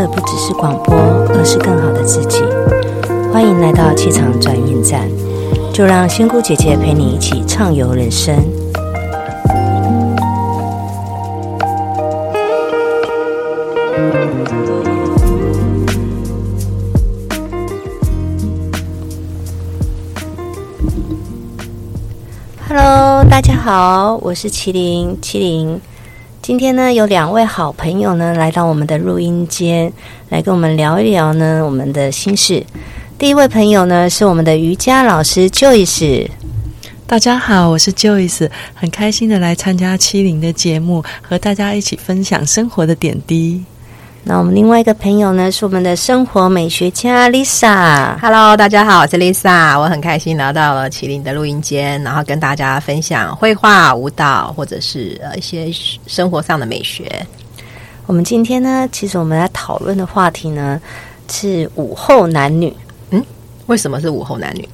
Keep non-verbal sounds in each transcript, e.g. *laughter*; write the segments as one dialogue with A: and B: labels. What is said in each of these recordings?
A: 這不只是廣播，而是更好的自己。歡迎來到氣場轉運站，就讓鮮菇姐姐陪你一起暢遊人生。Hello，大家好，我是麒麟，麒麟。今天呢，有兩位好朋友呢，來到我們的錄音間，來跟我們聊一
B: 聊呢，我們的心事。第一位朋友呢，是我們的瑜伽老師 Joyce。大家好，我是 Joyce，很開心的來參加七零的節目，和大家一起分享生活的點滴。那我們另外一個朋友呢，是我們的
C: 生活美學家 Lisa。Hello，大家好，我是 Lisa。我很開心來到了麒麟的錄音間，然後跟大家分享繪畫、舞蹈，或者是呃一些生活上的美學。
A: 我們今天呢，其實我們來討論的話題呢是午後男女。嗯，為什麼是午後男女？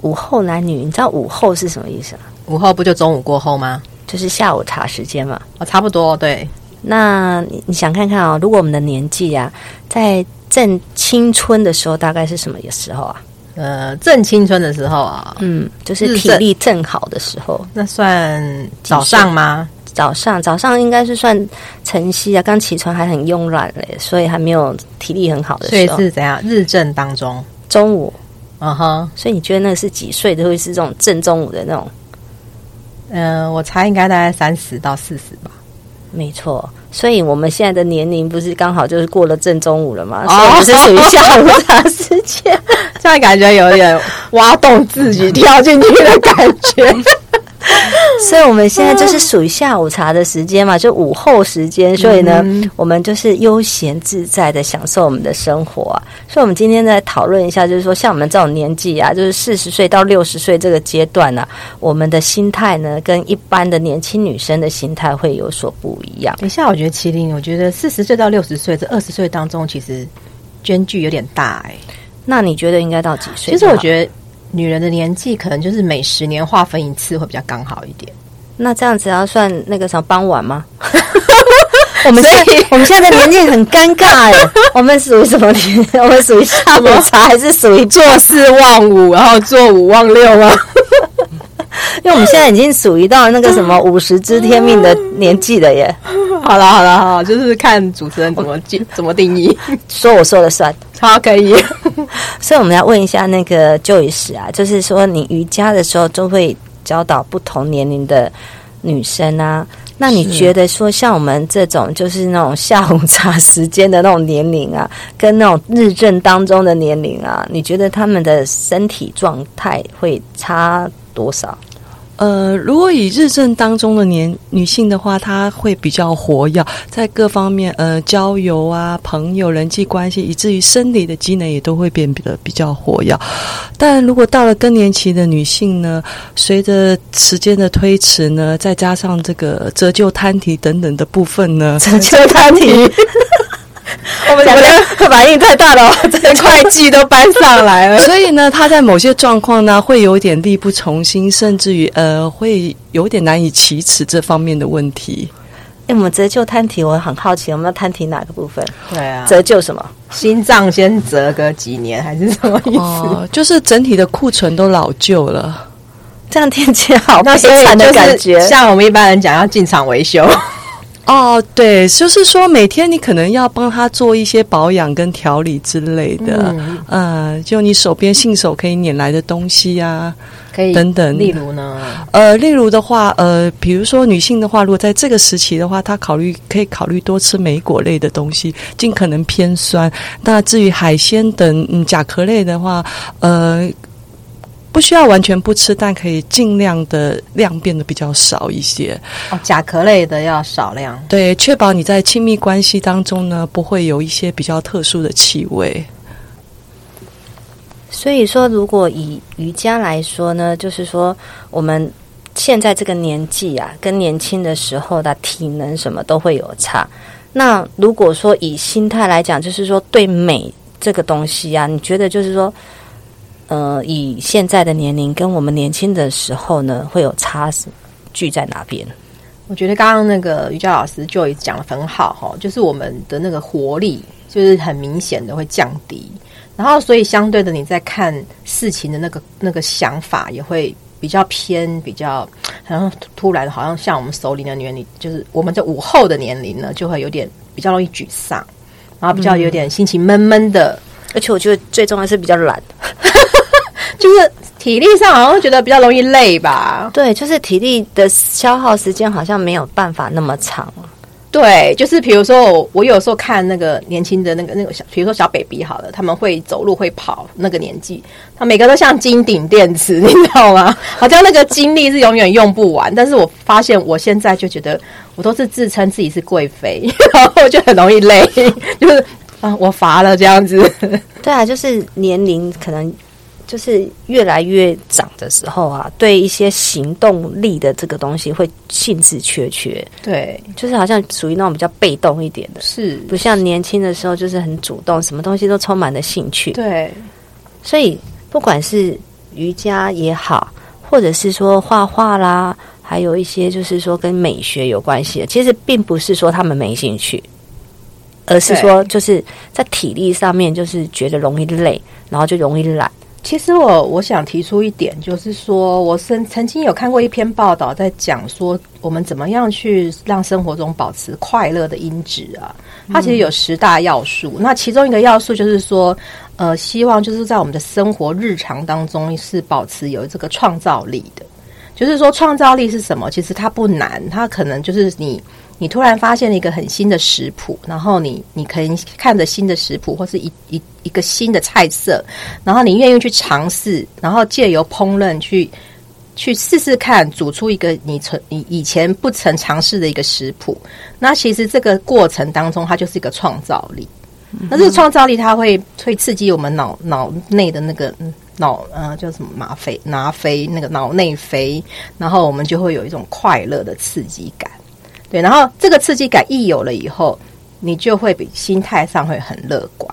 A: 午後男女，你知道午後是什麼意思啊？午後不就中午過後嗎？就是下午茶時間嘛。哦，差不多，對。那你你想看看啊、哦？如果我們的年紀啊，在正青春的時候，大概是什麼時候啊？呃，正青春的時候啊，嗯，就是體力正好的時候。那
C: 算正歲早上嗎？早上，早
A: 上應該是算晨曦啊，剛起床還很慵懶嘞，所以還沒有體力很好的時候。所以是
C: 怎樣？日正當中，中午，嗯哼，uh-huh，所以你覺得那是幾歲都會是這種正中午的那種？嗯、呃，我猜應該大概三十到四十吧。
A: 沒錯，所以我們現在的年齡不是剛好就是過了正中午了嘛？哦、所以不是屬於下午茶時間？現在感覺有點
C: 挖洞自己跳
A: 進去的感覺。 *laughs* *laughs* 所以我們現在就是屬於下午茶的時間嘛，就午後時間，嗯、所以呢，我們就是悠閒自在地享受我們的生活、啊。所以，我們今天在討論一下，就是說，像我們這種年紀啊，就是四十歲到六十歲這個階段呢、啊，我們的心態呢，跟一般的年輕女生的心態會有所
C: 不一樣。等一下，我覺得麒麟，我覺得四十歲到六十歲這二十歲當中，其實間距有點大哎、欸。那你覺得應該到幾歲？其實我覺得。女人的年紀可能就是每十年劃分一次會比較剛好一點。那這樣子要算那個什麼傍
A: 晚嗎？
C: *laughs* *laughs* 我們現在，所以 我們現在的年紀很尷尬哎。 *laughs* 我們屬於什麼
A: 年？我們屬於下午茶還是屬於坐四望五，然後坐五望六嗎？ *laughs* *laughs* *laughs* 因為我們現在已經屬於到了那個什麼五十知天命的年紀了耶。好了好了好了，就是看主持人怎麼定我怎麼定義，說我說了算，好可以。 *laughs* 所以我們要問一下那個就醫師啊，就是說你瑜伽的時候都會教導不同年齡的女生啊，那你覺得說像我們這種就是那種下午茶時間的那種年齡啊，跟那種日正當中的年齡啊，你覺得他們的身體狀態會差多少？
B: 呃，如果以日正當中的年女性的話，她會比較活躍在各方面，呃，交友啊、朋友、人際關係，以至於生理的機能也都會變得比較活躍。但如果到了更年期的女性呢，隨着時間的推遲呢，再加上這個折舊攤提等等的部分呢，折舊攤提。 *laughs* 我們我的反應太大了，這些會計都搬上來了。 *laughs* 所以呢，他在某些狀況呢，會有點力不從心，甚至於呃，會有點難以啟齒這方面的問題。
C: 哎、欸，我們折舊攤提，我很好奇，我們要攤提哪個部分？對啊，折舊什麼？心臟先折個幾年，還是什麼意思？哦、就是整體的庫存都老舊了。
B: 這樣聽起來好悲慘的感覺，像
C: 我們一般人講，要進廠維修。
B: 哦，對，就是說每天你可能要幫他做一些保養跟調理之類的，嗯、呃，就你手邊信手可以拈來的東西呀、啊，可以等等。例如呢？呃，例如的話，呃，比如說女性的話，如果在這個時期的話，她考慮可以考慮多吃莓果類的東西，盡可能偏酸。那至於海鮮等、嗯、甲殼類的話，呃。不需要完全不吃，但可以盡量的量變得比較少一些。哦，甲殼類的要少量。對，確保你在親密關係當中呢，不會有一些比較特殊的氣味。
A: 所以說，如果以瑜伽來說呢，就是說我們現在這個年紀啊，跟年輕的時候的體能什麼都會有差。那如果說以心態來講，就是說對美這個東西啊，你覺得就是說。呃，以現在的年齡跟我們年輕的時候呢，會有差距在哪邊？
C: 我覺得剛剛那個瑜伽老師就講得很好哦，就是我們的那個活力就是很明顯的會降低，然後所以相對的你在看事情的那個那個想法也會比較偏，比較然後突然好像像我們熟齡的年齡，就是我們在午後的年齡呢，就會有點比較容易沮喪，然後比較有點心情悶悶的，嗯、
A: 而且我覺得最終還是比較懶。
C: 就是體力上好像覺得比
A: 較容易累吧？對，就是體力的消耗時間好像沒有辦法那麼長。
C: 對，就是比如說我，我有時候看那個年輕的那個那個小，比如說小 baby 好了，他們會走路會跑那個年紀，他每個都像金頂電池，你知道嗎？好像那個精力是永遠用不完。 *laughs* 但是我發現我現在就覺得我都是自稱自己是貴妃，然後就很容易累， *laughs* 就是啊，我乏了這樣子。
A: 對啊，就是年齡可能。就是越來越長的時候啊，對一些行動力的這個東西會興致缺缺。對，就是好像屬於那種比較被動一點的，是不像年輕的時候，就是很主動，什麼東西都充滿了興趣。對，所以不管是瑜伽也好，或者是說畫畫啦，還有一些就是說跟美學有關係的，其實並不是說他們沒興趣，而是說就是在體力上面就
C: 是覺得容易累，然後就容易懶。其實我我想提出一點，就是說，我曾曾經有看過一篇報道，在講說我們怎麼樣去讓生活中保持快樂的因子啊。它其實有十大要素，嗯、那其中一個要素就是說，呃，希望就是在我們的生活日常當中是保持有這個創造力的。就是說創造力是什麼？其實它不難，它可能就是你。你突然發現了一個很新的食譜，然後你你可以看着新的食譜，或是一一一個新的菜色，然後你願意去嘗試，然後借由烹飪去去試試看，煮出一個你曾，你以前不曾嘗試的一個食譜。那其實這個過程當中，它就是一個創造力。那這個創造力，它會會刺激我們腦腦內的那個腦呃叫什麼？嗎啡？拿啡？那個腦內啡，然後我們就會有一種快樂的刺激感。對，然後這個刺激感一有了以後，你就會比心態上會很樂觀。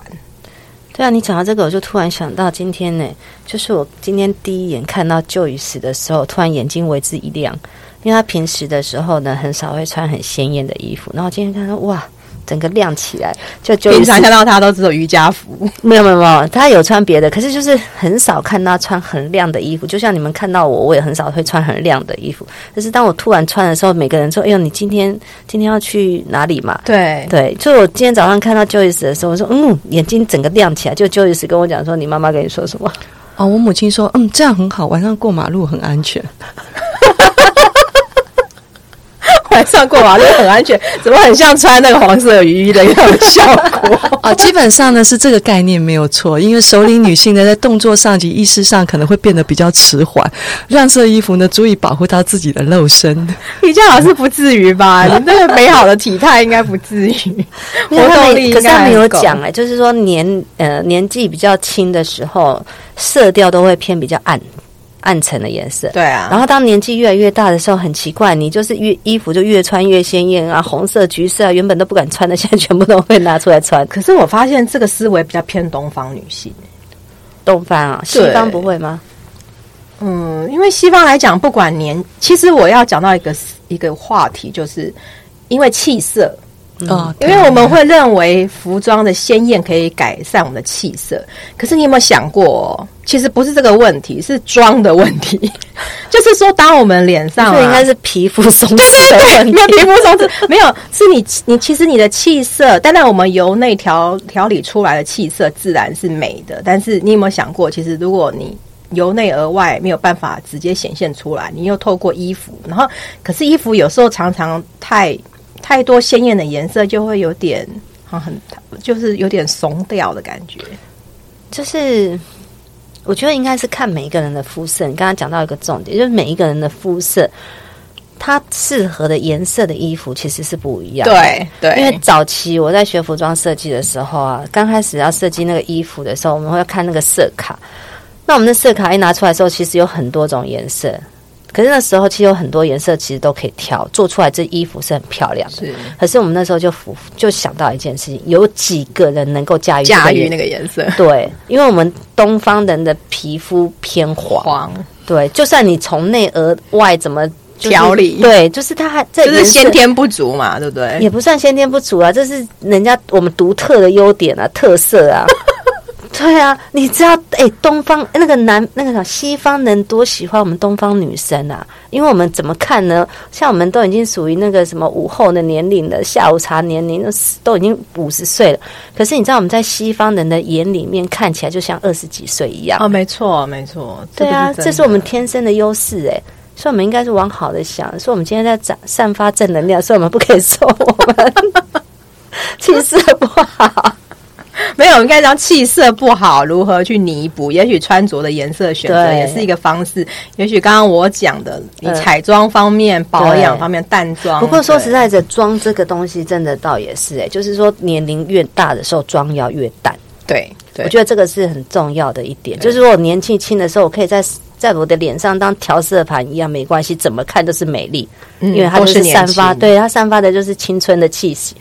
A: 對啊，你講到這個，我就突然想到今天呢，就是我今天第一眼看到舊雨石的時候，突然眼睛為之一亮，因為她平時的時候呢，很少會穿很鮮豔的衣服，然後我今天看到哇。整個亮起來，就 Joyce，平常看到他都只有瑜伽服，沒有沒有沒有，他有穿別的，可是就是很少看他穿很亮的衣服。就像你們看到我，我也很少會穿很亮的衣服，但是當我突然穿的時候，每個人說：“哎呦，你今天今天要去哪裡嘛？”
B: 對對，
A: 就我今天早上看到 Joyce 的時候，我說：“嗯，眼睛整個亮起
B: 來。”就 Joyce 跟我講說：“你媽媽跟你說什麼？”哦，我母親說：“嗯，這樣很好，晚上過馬路很安全。” *laughs* 晚上過馬路很安全，怎麼很像穿那個黃色雨衣的一樣的效果啊、哦？基本上呢是這個概念沒有錯，因為熟齡女性呢在動作上及意識上可能會變得比較遲緩，亮色衣服呢足以保護到自己的肉身。瑜珈老師不至於吧？嗯、你那個美好的體態應該不至於。我後他可他沒有講哎、
A: 欸，嗯、就是說年呃年紀比較輕的時候，色調都會偏比較暗。暗沉的顏色，對啊。然後，當年紀越來越大的時候，很奇怪，你就是越衣服就越穿越鮮豔啊，紅
C: 色、橘色啊，原本都不敢穿的，現在全部都會拿出來穿。可是我發現這個思維比較偏東方女性，東方啊，對西方不會嗎？嗯，因為西方來講，不管年，其實我要講到一個一個話題，就是因為氣色。哦，嗯、okay, 因為我們會認為服裝的鮮豔可以改善我們的氣色，可是你有沒有想過，其實不是這個問題，是妝的問題。就是說，當我們臉上、啊，這應該是皮膚鬆弛的問題。皮膚鬆弛，沒有， *laughs* 沒有是你你其實你的氣色，當然我們由內調調理出來的氣色自然是美的。但是你有沒有想過，其實如果你由內而外沒有辦法直接顯現出來，你又透過衣服，然後可是衣服有時候常常太。太多鮮豔的顏色就會有點啊，很就是有點慫掉的感覺，就是我覺得應該是看每一個人的膚色。你剛剛講到一個重
A: 點，就是每一個人的膚色，它適合的顏色的衣服其實是不一樣的對。對，因為早期我在學服裝設計的時候啊，剛開始要設計那個衣服的時候，我們會看那個色卡。那我們的色卡一拿出來的時候，其實有很多種顏色。可是那時候其實有很多顏色，其實都可以挑做出來，這衣服是很漂亮的。是，可是我們那時候就服就想到一件事情，有幾個人能夠駕馭駕馭那個顏色？對，因為我們東方人的皮膚偏黃，黃，對，就算你從內而外怎麼、就是、調理，對，就
C: 是他還在就是先天不足嘛，對不對？也
A: 不算先天不足啊，這是人家我們獨特的優點啊，特色啊。 *laughs* 對啊，你知道哎，東方那個男那個啥，西方人多喜歡我們東方女生啊，因為我們怎麼看呢？像我們都已經屬於那個什麼午後的年齡了，下午茶年齡，都已經五十歲了。可是你知道我們在西方人的眼裡面看起來就像二十幾歲一樣哦，沒錯，沒錯。這個、對啊，這是我們天生的優勢哎、欸，所以我們應該是往好的想。說我們今天在散散發正能量，所以我們不可以說我
C: 們氣色 *laughs* 不好。 *laughs* 沒有，我應該講氣色不好，如何去彌補？也許穿着的顏色選擇也是一個方式。對也許剛剛我講的，你彩妝方面、呃、保養方面、對淡妝。不過說實
A: 在的，妝這個東西真的倒也是、欸，誒，就是說年齡越大的時候，妝要越淡。對，對我覺得這個是很重要的一點。對就是我年紀輕的時候，我可以在在我的臉上當調色盤一樣，沒關係，怎麼看都是美麗，嗯、因為它就是散發，對它散發的就是青春的氣息。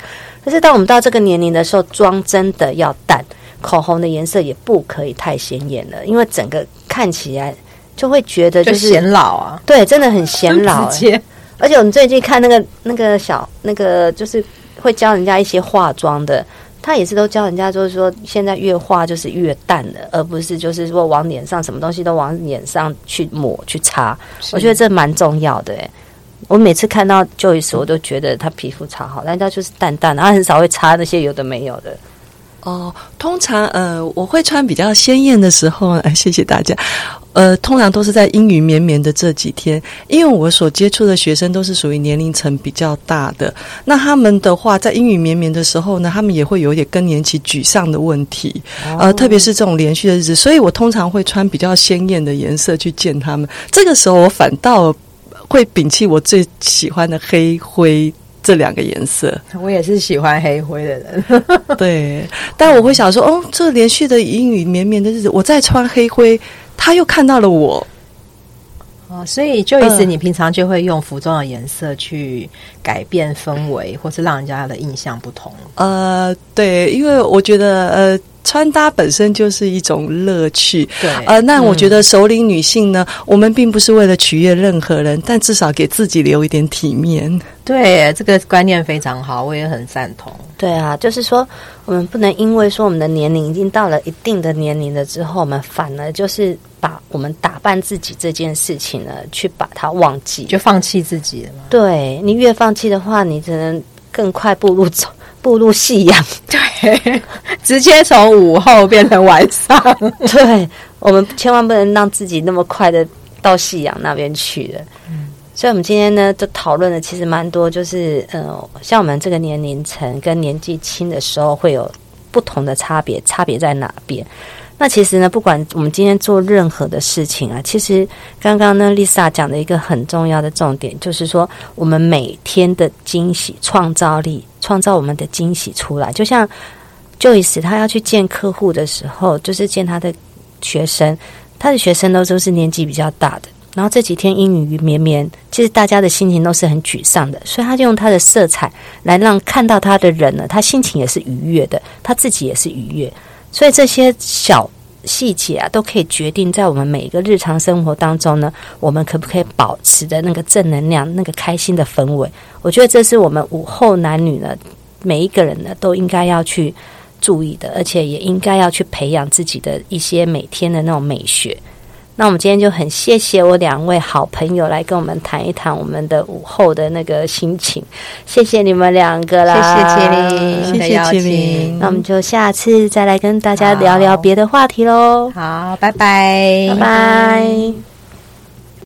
A: 可是，當我們到這個年齡的時候，妝真的要淡，口紅的顏色也不可以太顯眼了，因為整個看起來就會覺得就是顯老啊。對，真的很顯老、欸。嗯、而且，我們最近看那個那個小那個，就是會教人家一些化妝的，他也是都教人家就是說，現在越化就是越淡了，而不是就是說往臉上什麼東西都往臉上去抹去擦。是我覺得這蠻重要的、欸。我每次看到 Joyce 老師我都覺得他皮膚超好，人家就是淡淡的，他很少會擦那些有的沒有的。
B: 哦，通常呃，我會穿比較鮮豔的時候，哎，謝謝大家。呃，通常都是在陰雨綿綿的這幾天，因為我所接觸的學生都是屬於年齡層比較大的，那他們的話在陰雨綿綿的時候呢，他們也會有一點更年期沮喪的問題，哦、呃，特別是這種連續的日子，所以我通常會穿比較鮮豔的顏色去見他們。這個時候我反倒。會摒棄我最喜歡的黑灰這兩個顏色。我也是喜歡黑灰的人。 *laughs* 對，但我會想說，哦，這連續的陰雨綿、綿綿的日子，我再穿黑灰，他又看到了我。
C: 哦，所以 Joyce，呃、你平常就會用服裝的顏色去改變氛圍，或是讓人家的印象不同？
B: 呃，對，因為我覺得呃。穿搭本身就是一種樂趣，對，呃，那我覺得，熟齡女性呢，嗯、我們並不是為了取悅任何人，但至少給自己留一點體面。
C: 對，這個觀念非常
A: 好，我也很贊同。對啊，就是說，我們不能因為說我們的年齡已經到了一定的年齡了之後，我們反而就是把我們打扮自己這件事情呢，
C: 去把它忘記，就放棄自己了。
A: 對，你越放棄的話，你只能更快步入走，步入夕陽，對， *laughs* 直接從午後變成晚上。 *laughs* 對，我們千萬不能讓自己那麼快的到夕陽那邊去了。嗯， *laughs* 所以，我們今天呢，就討論的其實蠻多，就是，嗯、呃，像我們這個年齡層跟年紀輕的時候，會有不同的差別，差別在哪邊？那其實呢，不管我們今天做任何的事情啊，其實剛剛呢，麗薩講的一個很重要的重點，就是說我們每天的驚喜，創造力，創造我們的驚喜出來。就像 Joyce，他要去見客戶的時候，就是見他的學生，他的學生都是年紀比較大的。然後這幾天陰雨綿綿，其實大家的心情都是很沮喪的，所以他就用他的色彩來讓看到他的人呢，他心情也是愉悅的，他自己也是愉悅。所以這些小細節啊，都可以決定在我們每一個日常生活當中呢，我們可不可以保持的那個正能量、那個開心的氛圍？我覺得這是我們午後男女呢，每一個人呢都應該要去注意的，而且也應該要去培養自己的一些每天的那種美學。那我們今天就很謝謝我兩位好朋友來跟我們談一談我們的午後的那個心情，謝謝你們兩個啦，謝謝林、嗯、謝謝邀請。嗯、謝謝那我們就下次再來跟大家聊聊別的話題嘍。好，拜拜，拜拜。拜拜。